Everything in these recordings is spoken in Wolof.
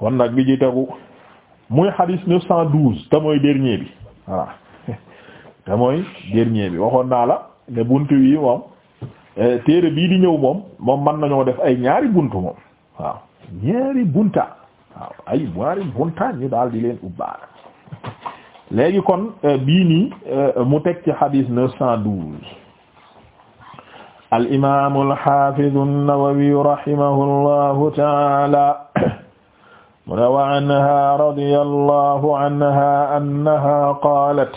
kon nag bi ci tegu muy xadis neuf cent te mooy dernier bi voilà te mooy dernier bi waxoon naa la ne buntu yi moom eh, téere bii di ñëw moom moom mën nañoo def ay ñaari buntu moom waaw ñaari bunta waaw ay ñaari bunta ñu daal di leen ubbaar léegi kon eh, bii nii eh, mu teg ci xadis neuf al imaamu al xaafizu an-Nawawi rahimahu allahu mu ne wa anha radiyallahu anha annaha qaalat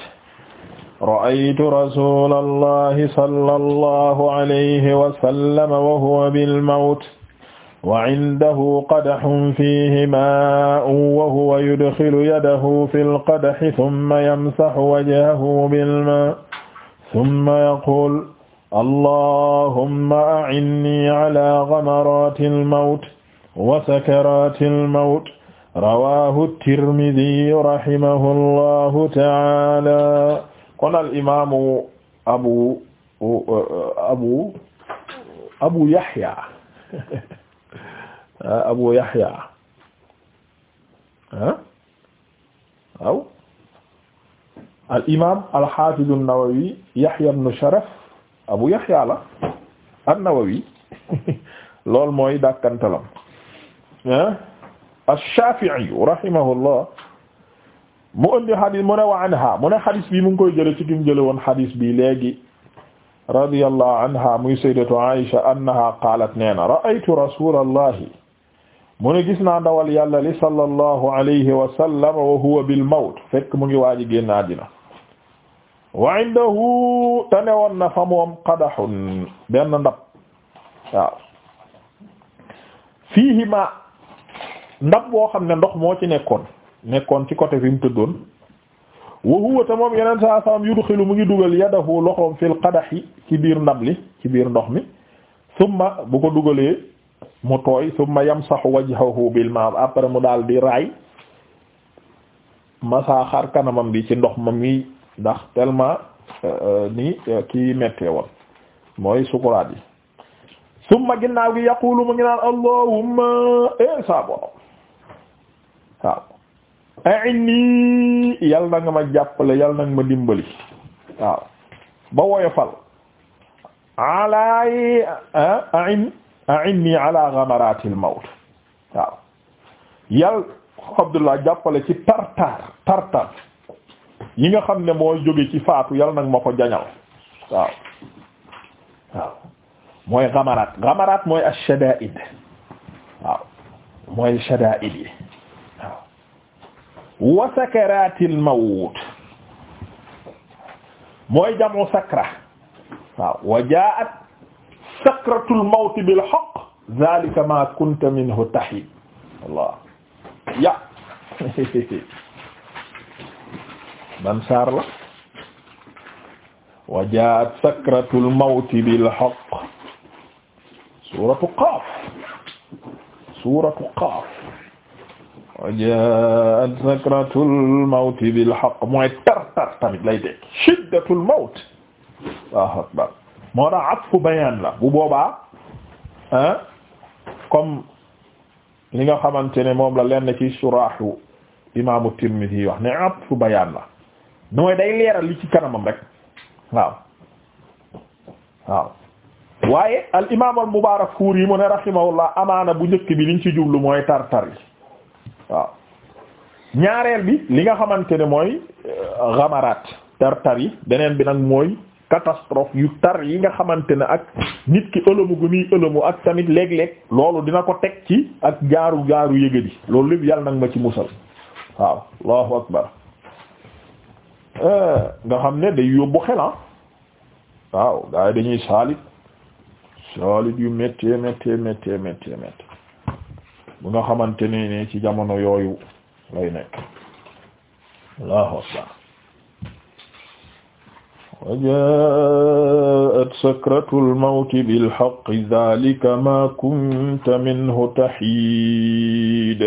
ra'aytu rasulallahi sallallahu alayhi wa sallam wa huwa bil mawt wa indahu qadahun fiihi maa'un wa huwa yudxilu yadahu fil qadahi thumma yamsahu wajhahu bil maa'i thumma yaquulu allahumma a'inni ala ghamaraati al mawt wa sakaraati al mawt rawahu tirmidiyu rahimahullahu taala kon al imaamu abu abu abu yahya abu yahya ah waaw al imaam al haafiz an-nawawi yahya ibn sharaf abu yahya la an-nawawi lool mooy dàkkantalam ah ash-Shafi'i rahimahullah mu indi xadis mu ne wa anha mu ne xadis bi mu ngi koy jële ci kim jële woon xadis bi léegi radiyallahu anha muy sayyidatu Aisha annaha qaalat nee na ra'aytu rasulallahi mu ne gis naa ndawal yàlla li sallallahu alayhi wa sallam wa huwa bil mawt fekk mu ngi waaji génn àddina wa indahu te newoon na fa moom qadaxun benn ndab waaw fiihi maa ndab boo xam ne ndox moo ci nekkoon nekkoon ci côté fi mu tëddoon wa huwa te moom yeneen saa saam yudxilu mu ngi dugal yadahu loxoom fil qadahi ci biir ndab li ci biir ndox mi summa bu ko dugalee mu tooy summa yamsahu xaw bil ma après mu daal di raay masaa xar kanamam bi ci ndox ma mi ndax tellement euh, euh, ni euh, ki mettee woon mooy sukuraat yi summa ginnaaw gi yaqulu mu ngi naan allahumma e waaw a'inni yal na nga ma jàppale yal na ma dimbali waaw ba woyofal alaay ah, a'in a'inni ala ghamaratil maut waaw yal Abdullah jàppale ci tartar tartar yi nga xam ne moo jóge ci faatu yal nag ma ko jañal waaw waaw mooy ghamaraat ghamaraat mooy ash-shadaa'id mooy shadaa'id wa sakaratil mawt mooy jamu sakra waaw wa jaat sakratul mawt bil haqq zalika ma kunta minhu tahid Allah ya ban saar la wa jaat sakratul mawt bil haqq suratu qaaf suratu qaaf jaat sakratul mawti bil haqq mooy tar tamit lay teg shiddatul mawt akbar moo tax atfu bayaan la bu boobaa ah comme li nga xamante ne moom la leen ci suraaxu imaamu Tirmidhi yi wax ne atfu bayaan la mooy day leeral li ci kanamam rek waaw waaw waaye al imaam al Mubaarakfuuri mu ne rahimahullah amaana bu njëkk bi liñ ci jublu mooy tar tar waaw ñaareel bi li nga xamante ne mooy xamaraat euh, tar-tar yi beneen bi nag mooy catastrophe yu tar yi nga xamante ne ak nit ki ëlëmu gu muy ëlëmu ak tamit léeg-léeg loolu dina ko teg ci ak gaaru gaaru yëgadi loolu lépp yàlla nag ma ci musal waaw allahu akbar euh, nga xam ne day yóbbu xelan ah. waaw gaa dañuy saalit saalit yu métti métti métti métti bu nga xamante ne ni ci jamono yooyu lay nekk allahu akbar wa jaat sakratul mawti bil haqqi dhalika ma kunta minhu tahid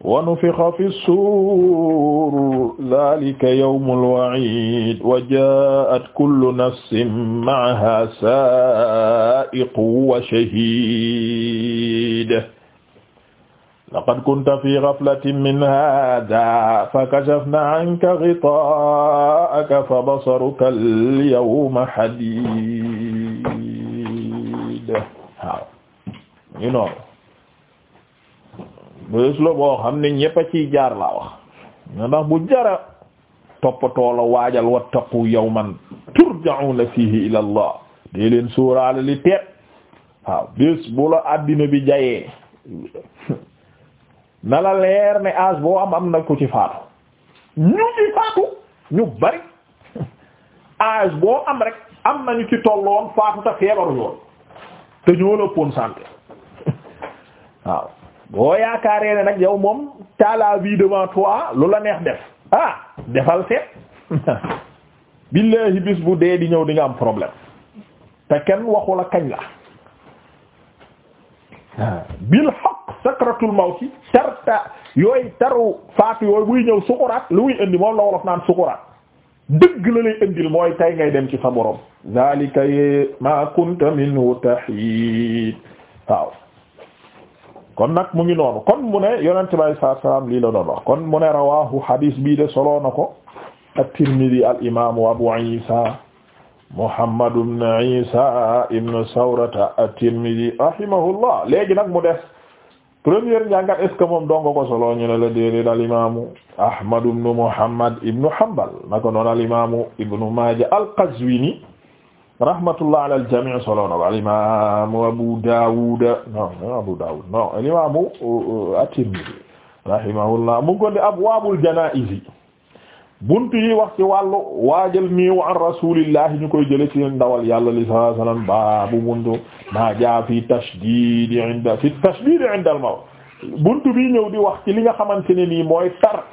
wa nufixa fi suur dhalika yawmul wa'id wa jaat kullu nafsin ma'aha sa'iqu wa shahid laqad kunta fi ghaflatin min hadha fakashafna anka ghita'aka fabasaruka al-yawma hadid waaw ñu noonu bés la boo xam ne ñépp a ciy jaar laa wax nga ndax bu jara toppatoo la waajal wattaqu yawman turja'una fihi ila Allah dee leen sóoraale li teet waaw bés bu la àddina bi jayee na la leer ne âge boo am am na ku ci faatu ñu ci faatu ñu bari âge boo am rek am ñu ci tolloon faatu te feebaru yoon te ñoo la pon santé waaw boo yaakaaree ne nag yow moom t'as la vie devant toi lu la neex def ah defal seet billahi bis bu dee di ñëw di am problème te kenn waxu kañ la bil haqq sakratul mawti hatta yooyu taru faatu yooyu buy ñëw sukuraat lu muy indi moom la wolof naan sukuraat dëgg la lay indil mooy tay ngay dem ci sa borom zalika ma kunta minhu tahid waaw kon nag mu ngi noonu kon mu ne yonente bi saa salaam lii la doon kon mu ne rawahu hadis bii de soloo na ko at-Tirmidhi al imamu Abu Isa Muhammad ibn Isa ibn Sawrata at-Tirmidhi rahimahullah léegi nag mu de première njàngat est ce que moom donga ko solo ñu la déedéet al imamu ahmad ibnu muhammad ibnu hanbal nako al imamu ibnu maaja al qazwini rahmatullah ala al jami' solo na al imamu abu daawud non non abu daawud al imamu uh, uh, at buntu yi wax ci wàllu waajal miiw an rasulillahi ñu koy jële ci ndawal yàlla li sallallahu alayhi wasallam baabu buntu maa jaa fi tashdid inda fi tashdid inda al buntu bi ñëw di wax ci li nga xamante ne nii mooy tar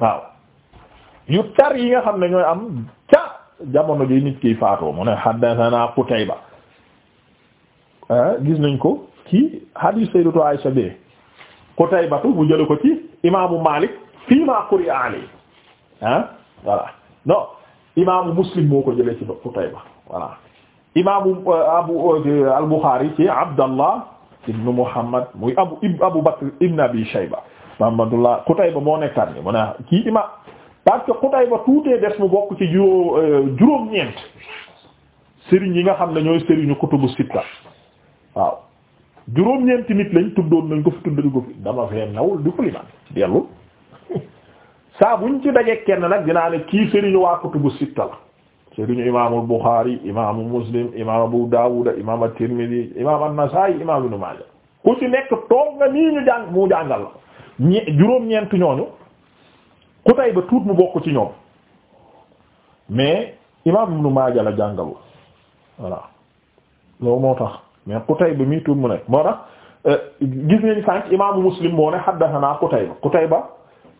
waaw yu tar yi nga xam ne ñooy am ca jamono ji nit kiy faatoo mu ne haddathana Qutayba ah, gis nañ ko ci hadith sayyidatu Aisha bi Qutaybatu bu jële ko ci imaamu Malik fii ma quri'a alayhi ah voilà non imaamu muslim moo ko jëlee ci Qutayba voilà imaamu euh, abu euh, al ci Abdallah ibn Muhammad muy abu Abu Bakr ibn Abi Shayba Muhammadullah Qutayba moo nekkaat ni mu ne kii imaam parce que tuutee des mu bokk ci juróo euh, juróom-ñeent sëriñ yi nga xam ne ñooy sëriñu kutubu sitta waaw juróom-ñeenti nit lañ tuddoon nañ ko fi tuddañ ko fi dama fee nawul di ko limaan dellu saa bu ñu ci dajee kenn nag dinaa ne kii sëriñu waa kutubu sitta la sëriñu imaamul Bukhari imaamu Muslim imaam Abu Dawud imaam at imaam an-Nasa'i imaam Ibn Maaja ku ci nekk toog nga nii ñu jàng mu jàngal la ñe juróom-ñeent ñooñu ku tay ba tuut mu bokk ci ñoom mais imaam Ibn Maaja la jàngalu voilà loolu moo tax mais ku tay ba mii tuut mu ne moo tax euh, gis nañ sànq imaamu Muslim moo ne haddathana Qutayba Qutayba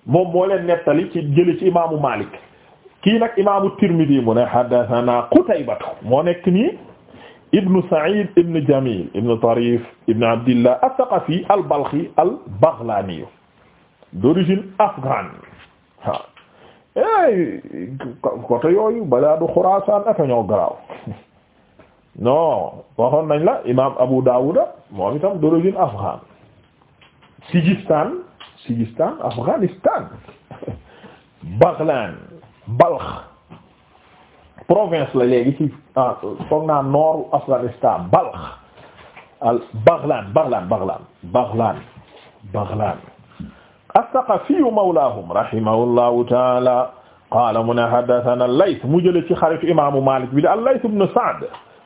moom moo leen nettali ci jële ci Malik kii nag imaamu Tirmidi mu ne haddathana Qutaybatu moo nekk nii ibnu Sa'id ibnu Jamil ibnu Tarif ibnu Abdillah as-Saqafi al-Balkhi al-Baghlani d'origine afghane waaw ey eh, côté yooyu balaa du Xuraasaan ak ñoo garaaw non waxoon nañ la imam Abu Dawud moom itam d'origine afghane Sijistaan Sigistan Afghanistan Baghlan Balkh province la léegi ci ah, foog naa nooru Afghanistan Balkh al Baghlan Baghlan Baghlan Baghlan Baghlan as-Saqafiyu mawlaahum rahimahullahu mu ne haddathana al mu jële ci xaritu imaamu Maalik bi di al-Layth ibn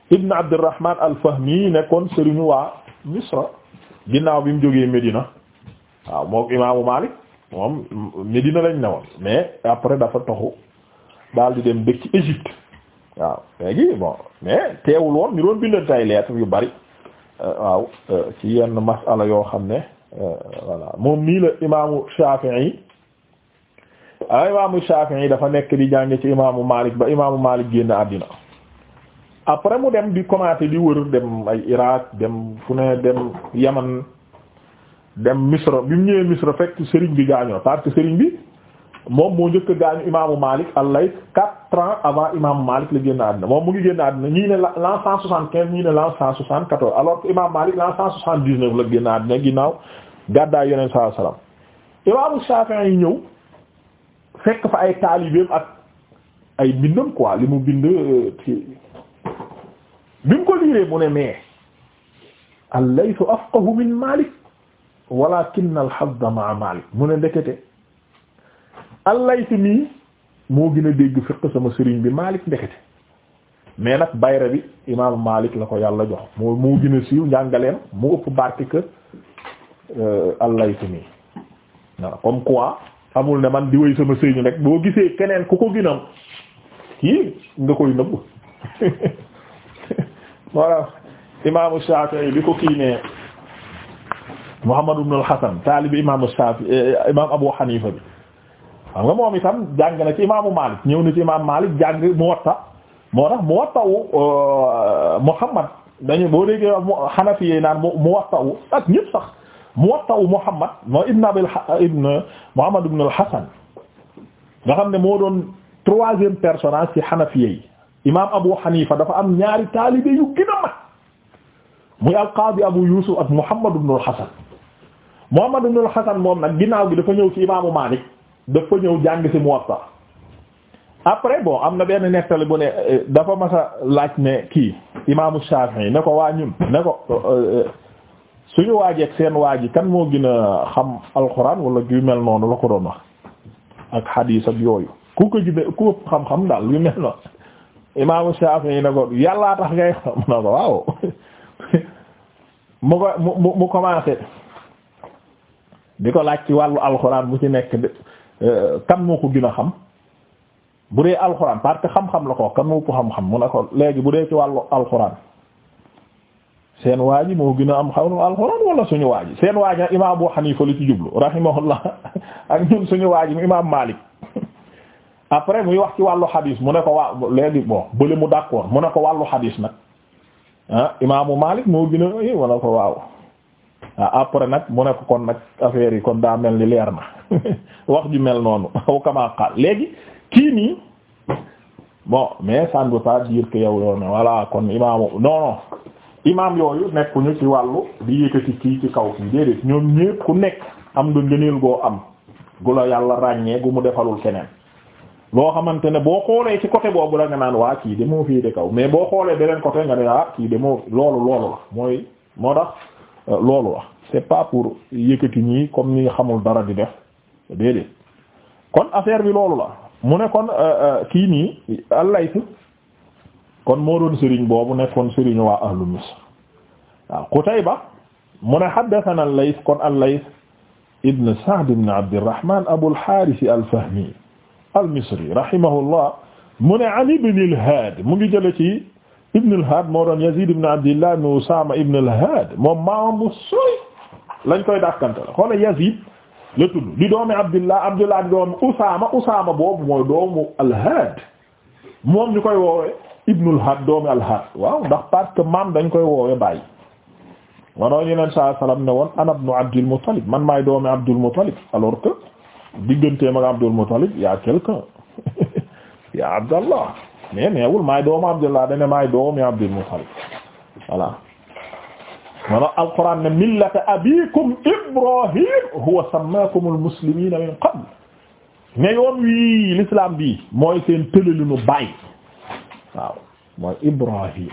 ibn Abdirrahmaan al-Fahmi nekkoon sëriñu waa Misra ginnaaw bi mu Medina waaw mook imaamu Malik moom Medina lañ newoon mais après dafa toxu daal di dem dëkk Égypte waaw léegi bon mais teewul woon ñu doon bindante ay lettres yu bari euh, waaw euh, ci yenn masala yoo xam ne euh, voilà moom nii la imaamu Shafi'i ah imaamu Shafi'i dafa nekk di jànge ci imaamu Malik ba imaamu Malik génn àddina après mu dem di commenter di wër dem ay Irak dem fu ne dem Yaman dem misra bi mu ñëwee misra fekk Serigne bi gaañoo parce que Serigne bi moom moo njëkk a gaañu imaamu Malik al quatre ans avant imaamu Malik la génn àddina moom mu ngi génn àddina ñii ne l'an cent soixante quinze ñii ne l'an cent soixante quatorze alors que imaamu Malik l'an cent dix neuf la génn àddina ginnaaw gàddaay yoneen saa salaam imaamu Shafi'i yi ñëw fekk fa ay taalibeem ak ay bindam quoi li mu bind euh, bi mu ko liiree mu ne mais al walaakinna al-hazza ma'a Maalik mu ne ndekete al moo gën dégg fiqh sama sëriñ bi Maalik ndekete mais nag bayra imaamu Maalik la ko yàlla jox moo moo gën a siiw njàngaleem mu ëpp barke que euh, al comme quoi amul ne man di wéy sama sëriñ rek boo gisee keneen ku ko ginam kii nga koy nëbb imaamu Shaafi'i bi ko kii nee. Muhammad ibn al-Hasan taalibi imaamu Shaafi eh, imaam Abu Hanifa bi xam nga moom itam jàng na ci imaamu Maalik ñëw na ci imaamu jàng Muwatta tax Muwatta wu euh, Muhammad dañu boo déggee Hanafi yi ak ñëpp sax Muwatta wu Muhammad moo ibn xam ne moo doon troisième personnage ci Hanafi yi Abu Hanifa dafa am ñaari taalibe yu gën a mag muy al-Qaadi Muhammad ibn al-Hasan moom nag ginnaaw gi dafa ñëw ci imaamu Maalik dafa ñëw jàng ci Muwatta après bon am na benn nettali bu ne eh, dafa mas a laaj ne kii imaamu yi ne ko waa ñun ne ko eh, eh, suñu waajeeg seen waaj yi kan moo gën a xam alxuraan wala yu mel noonu la ko doon wax ak xadiis ak yooyu ku ko gën a ku xam-xam daal yu mel noonu imaamu yi ne ko yàllaa tax ngay xam na ko waaw mu ko mu mu commencé. di ko laaj ci wàllu alxuraan bu ci nekk euh, kan moo ko gën a xam bu dee alxuraan parce xam-xam la ko kan moo ko xam-xam mu ne ko léegi bu dee ci wàllu alxuraan seen waa ji moo gën a am xam alxuraan wala suñu waa ji seen waaj ji nag imaam Abu li ci jublu rahimahullah suñu waa ji imaam Maalik après muy wax ci wàllu xadiis mu ne ko waa léegi bon bële mu d'accord mu ne ko wàllu xadiis nag ah imaamu Maalik moo gën mu ne ko waaw. Ah, après nag mu ne ko kon nag affaire yi kon daa mel ni leer na wax ju mel noonu aw kamaa qaal léegi kii nii bon mais ça ne veut pas yow yow ne voilà kon imaamu non non imaam yooyu nekkuñu ci wàllu di yëkkati kii ci kaw kii déedéet ñoom ñépp ku nekk am nga ngëneel goo am gu la yàlla ràññee gu mu defalul keneen loo xamante ne boo xoolee ci côté boobu la nga naan waa kii de moo fii kaw mais boo xoolee beneen côté nga ne ah kii de moo loolu loolu mooy moo Euh, loolu la c'est pas pour yëkkati ñii comme ñi xamul dara di def déedéet kon affaire bi loolu la mu ne kon euh, euh, kii nii allaytu kon moo doon sëriñ boobu nekkoon sëriñ waa ahlu misr waaw mu ne haddathana al-Layth kon al-Layth ibn Sa'd ibn Abdirrahman Abul Harith al-Fahmi al-Misri mu ne an Ibn al mu ngi jële ci Ibn al-Had moo doon Yazid ibn Abdillah ibn Usama moom maam bu sori lañ koy dàkkante la xoolal Yazid la tudd di doomi Abdillah Abdillah di doomi Usama Usama boobu mooy doomu ñu koy woowee Ibn waaw ndax parce que maam dañ koy woowee bàyyi. manoo ñu leen saa salaam ne woon ana ibnu Abdul Muttalib man maay doomi Abdul Muttalib alors que digganteem ak Abdul Muttalib y quelqu'un ya Abdallah mais neewul maay doomu Abdullah dane maay doomi Abdul Muttalib voilà wala alquran ne millata abikum Ibrahim huwa sammakum almuslimina min qabl ne yoon wi l'islam bi mooy seen tëlalinu baay waaw mooy Ibrahim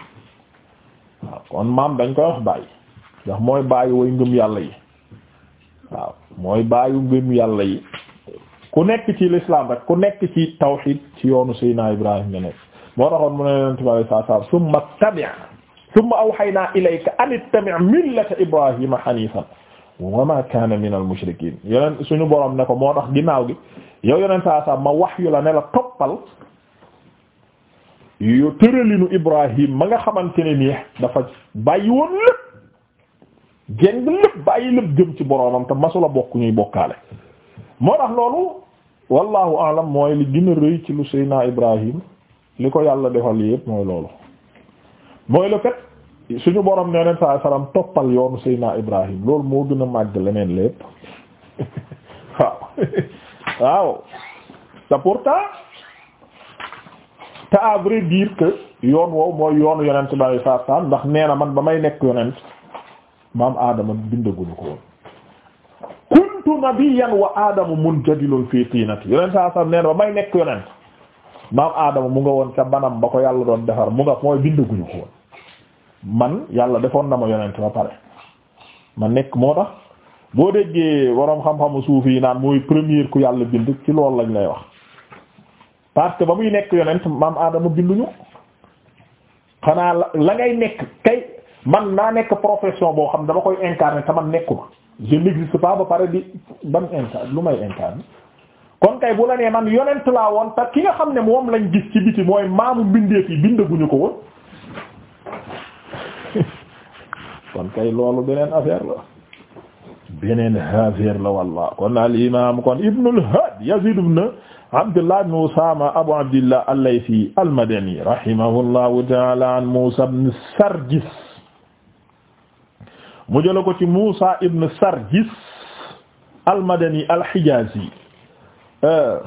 waaw kon maam dañ koy wax baay ndax mooy baayu way ngëm yàlla yi waaw mooy baayu ngëm yàlla yi ku nekk ci l'islam rek ku nekk ci tawhid ci yoonu Seydina Ibrahim nga nekk moo taxoon mu ne yonent ma alayhi salaatu wa salaam summa tabi' summa awhaynaa ilayka an ittabi' millata Ibrahima haniifan wa maa kaana minal mushrikiin yeneen suñu borom ne ko moo tax ginnaaw gi yow yonent saa saa ma wahyu la ne la toppal yo tëralinu Ibrahim ma nga xamante ne nii dafa bàyyi woon lépp jeng lépp bàyyi lépp jëm ci boromam te masula bokk ñuy bokkaale moo tax loolu wallahu alam mooy li gën a lu Seydina Ibrahim li ko yàlla defal yépp mooy loolu mooy le fait suñu borom ne neen saa salaam toppal yoonu Seydina Ibrahim loolu moo gën a màgg leneen la waaw waaw te pourtant te à vrai dire yoon woow mooy yoonu yonent bari saa saam ndax nee man ba may nekk yonent maam aadama bindaguñu ko woon kuntu nabiyyan wa aadamu munjadilun fii tiinati yonent saa saam nee ba may nekk yonent maam aadama mu nga woon ca banam ba ko yàlla doon defar mu nga mooy bindaguñu ñu woon man yàlla defoon na ma yonent ba pare ma nekk moo tax boo déggee waroom xam-xamu suuf yi naan mooy premier ku yàlla bind ci lool lañ lay wax parce que ba muy nekk yonent maam aadama binduñu xanaa la la ngay nekk kay man naa nekk profession boo xam dama koy incarner te man nekkuma je n'existe pas ba pare di ban incarne lu may incarner kon kay bu la nee man yonent laa woon te ki nga xam ne moom lañ gis ci biti mooy maamu bindeef yi bindaguñu ko woon kon kay loolu beneen affaire la beneen kon al imam kon ibnul had yazid ibn abdullah ibn usama abu abdillah al-laythi al ta'ala musa ibn sarjis mu jëla ci musa ibn sarjis al al-hijazi Euh.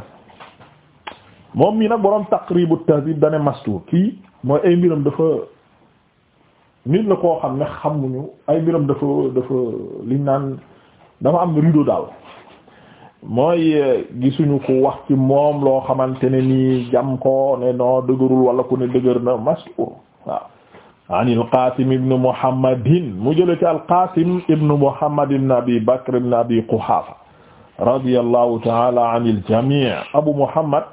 moom mii nag boroom taqribu tahdib dane mastuur kii mooy ay mbiram dafa nit la koo xam ne xamuñu ay mbiram dafa dafa liñ naan dafa am rido daal mooy gisuñu ko wax ci moom loo xamante ne nii jam ko ne noo dëgërul wala ku ne dëgër na mastuur waaw an alqasim ibnu muhammadin mu jële ci alqasim ibnu muhammad ibn abi bakr ibn abi quhafa radiyallahu taala Abu Muhammad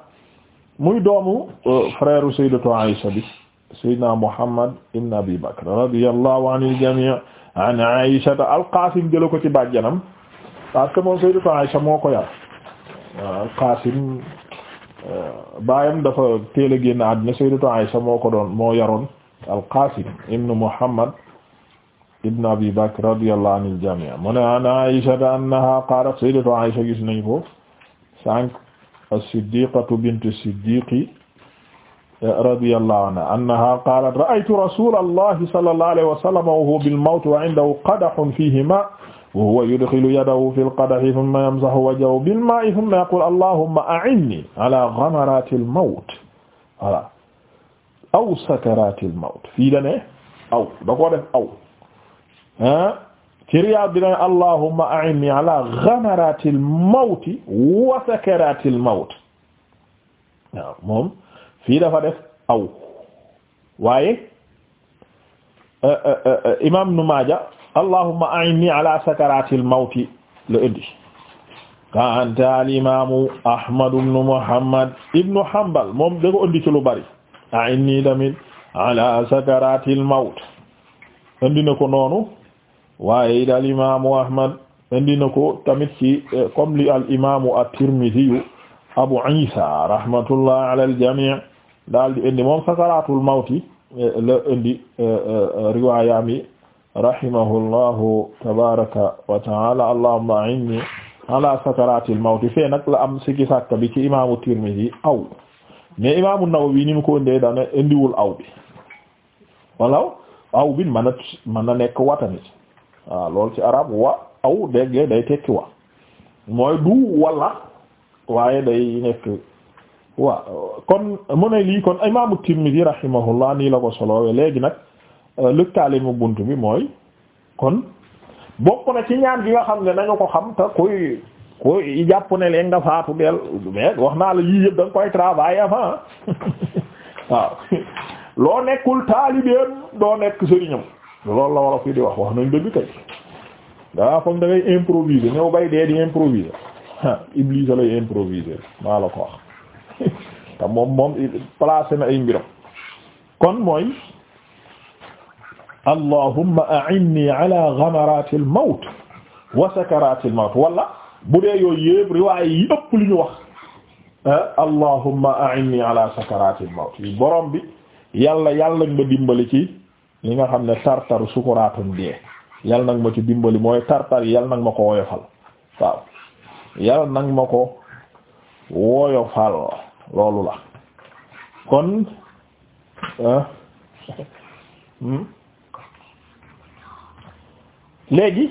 muy doomu euh, frère sayyidatu Aisha bi sayyidina Muhammad ibn Abi Bakr radiyallahu anil jamii an Aisha al-Qasim jëla ko ci bàjjanam parce que moom sayyidatu Aisha moo ko yar euh, al euh, dafa teel a génn àddina sayyidatu Muhammad ibn abi bakr radiyallahu anil jami' mu ne an aisha ta annaha qalat sayyidatu aisha gis nañ ko sànq as-siddiqatu bintu siddiqi radiyallahu anha annaha qalat ra'aytu rasulallahi sallallahu alayhi wa sallam wa huwa bil mawt wa 'indahu qadahun fihi ma' wa huwa yudxilu yadahu fil qadahi thumma yamsahu wajhahu bil maa'i thumma yaqulu allahumma a'inni ala ghamaratil mawt voilà aw sakaratil mawt fii da ne aw da koo def aw Ah, ci Riyaad bi na allahumma a'inni ala ghamaratil mawti wa sakaratil mawt waaw moom fii dafa def aw waaye eh, eh, eh, imaam Ibn Maaja allahumma a'inni ala sakaratil mawti la indi kaanta al imaamu Ahmad ibn Muhammad ibn Hanbal moom da ko indi ci lu bari a'inni tamit ala sakaratil mawt indi na ko noonu waaye it al imaamu Ahmad indi na ko tamit ci eh, comme li al imaamu at-Tirmidhi Abu Isa rahmatullah ala al jami' daal di indi moom sakaratul mawti eh, la indi eh, riwaayami rahimahullahu tabaraka wa taala allahumma a'inni ala sakaratil mawti fee nag la am sikki sàkk bi ci imaamu Tirmidhi aw mais imaamu Nawawi ni mu ko indee dana indiwul aw bi wala aw bi mën a mën a nekk watamit waaw lool ci arab wa aw dégg day tekki wa mooy du wala waaye day nekk wa kon mu ne lii kon imaamu Tirmidhi rahimahullah nii la ko solowee léegi nag euh, lëkkaale mu bunt bi mooy kon bokk na ci ñaan gi nga xam ne nañu ko xam te kuy kuy jàpp ne leen nga faatu del mais wax naa la yii yëpp da koy travailler avant waaw loo nekkul taalibeem doo nekk sëriñam loolu la wala fii di wax wax nañ dëgg kay daa foog da ngay improviser ñëw bay dee di improviser ah Iblis lay improviser maa la ko wax te moom moom placé na ay mbiram kon mooy allahumma a'inni ala ghamaratil mawt wa sakaratil mawt wala bu dee yooyu yëpp riwaay yi ëpp li ñu wax allahumma a'inni ala sakaratil mawt borom bi yàlla yàlla nga dimbali ci li nga xam ne tartar sukuraatun dee yal nag ma ci dimbali mooy tartar yi yal nag ma ko woyofal waaw yal nag ma ko woyofal loolu la kon ah, hmm? léegi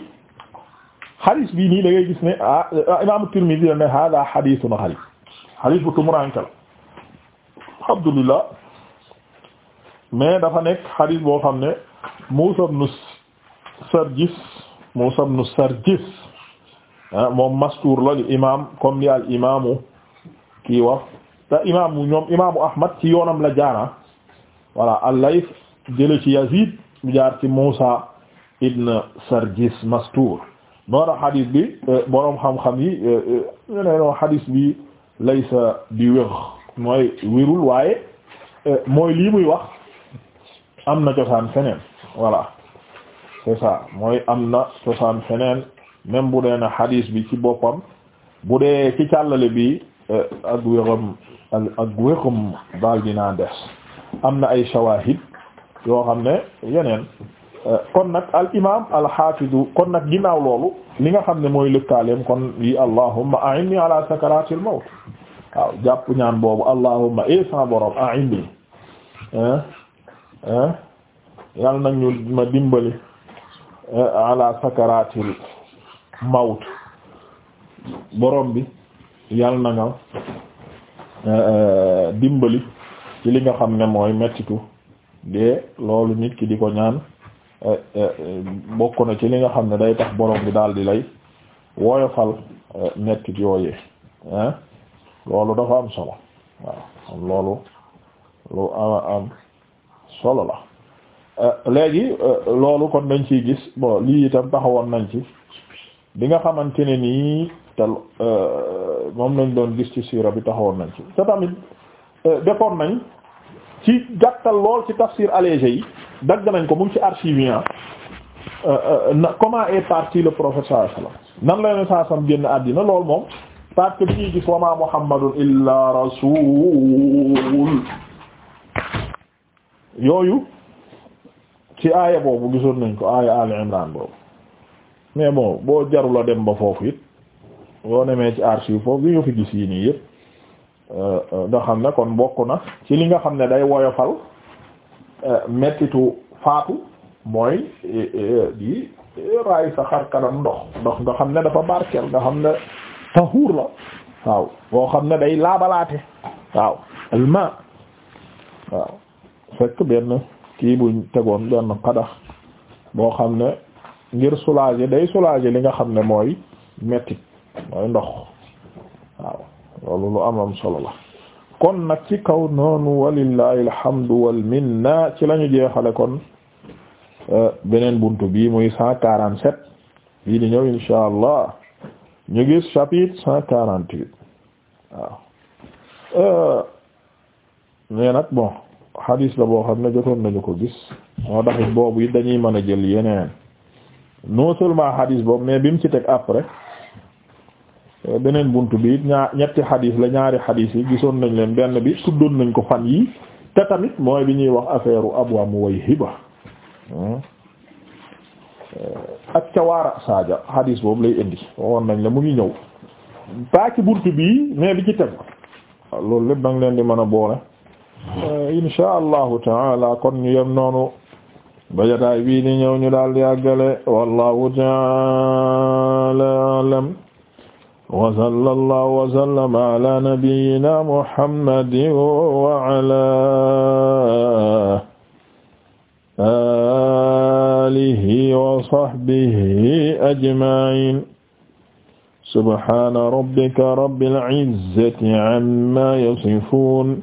xadis bii nii la ngay gis ne ah, ah imam Tirmidhi ne hada xadisun xali xadis bu tumuranke la alhamdulillah mais dafa nekk xadis boo xam ne Muusa ibn Sarjis Muusa ibn Sarjis ah, moom mastuur la li imam comme li al imamu kii wax te imamu ñoom imamu Ahmad ci yoonam la jaara ah. voilà al jële ci Yazid mu jaar ci Muusa ibn Sarjis mastuur noonu xadis bi eh, boroom xam-xam yi eh, eh, ñu ne noon bi laysa bi wér mooy wérul waaye mooy lii muy wax am na cosaan feneen voilà c'est ça mooy am na cosaan feneen même bu dee na hadis bi ci boppam bu dee ci càllale bi eh, ak wéxam ak daal dinaa des am na ay shawahid yoo xam ne yeneen eh, kon nag al imam al hafidu kon nag ginnaaw loolu li nga xam ne mooy lëkkaaleem kon yi allahumma a'inni ala allahumma e eh, sa yal nag ñu ma dimbali eh, ala sakaratil mawt borom bi yal na eh, eh, dimbali ci li nga xam ne mooy mettitu de loolu nit ki di ko ñaan bokk na ci li nga xam ne day tax borom bi daal di lay woyofal mettit yooyee loolu dafa am solo waaw loolu lu am am solo la euh, léegi euh, loolu kon dañ ci gis bo lii itam taxawoon nañ ci bi nga xamante ne nii te euh, moom lañ doon gis ci siira bi taxawoon nañ ci te tamit defoon nañ ci gàttal lool ci tafsir allégé yi dagg nañ ko mu ci archive ah. na comment est parti le prophète sallallahu alayhi wasallam nan la yoneen saa sam génn àddina lool moom parce que bi ñuy gis wa ma muhammadun illa rasul yooyu ci aaya boobu gisoon nañ ko aaya al imran boobu mais bon boo jarul a dem ba foofu it yoo nemee ci archive foofu yu ñu fi gis yi nii yëpp euh, euh, nga xam ne kon bokk na ci li nga xam ne day woyofal euh, mettitu faatu mooy di raay sa xar kanam ndox ndox nga xam ne dafa barkeel nga xam ne tahuur la waaw boo xam ne day laabalaate waaw waaw fekk benn kii bu tegoon benn qadax boo xam ne ngir soulager day soulager li nga xam ne mooy mettit mooy ndox waaw loolu lu am am solo la kon nag ci kaw noonu walillahi alhamdu wal minna ci lañu jeexale kon euh, beneen buntu bii muy cent quarante sept bii di ñëw insha allah ñu gis chapitre cent quarante huit waaw euh, mais bon xadiis la boo xam ne jotoon nañu ko gis moo taxit boobu it dañuy mën a jël yeneen noo seulement xadiis boobu mais bi mu ci teg après beneen bunt bi ñaa ñetti xadiis la ñaari xadiis yi gisoon nañ leen benn bi tuddoon nañ ko fan yi te tamit mooy bi ñuy wax affaire Abu Muwayhiba ak ca waara Sadia xadiis boobu lay indi woon nañ la mu ngi ñëw ba ci bunt bii mais bi ci teg loolu lépp da leen di mën a boole. Euh, insha allahu taala kon ñu yem noonu bajataay bii ni ñëw ñu daal di àggale wallahu taala alam wa sallallahu wa sallama ala nabiyyina muhammadin wa ala alihi wa sahbihi ajma'in subhana rabbika rabbil izzati amma yasifun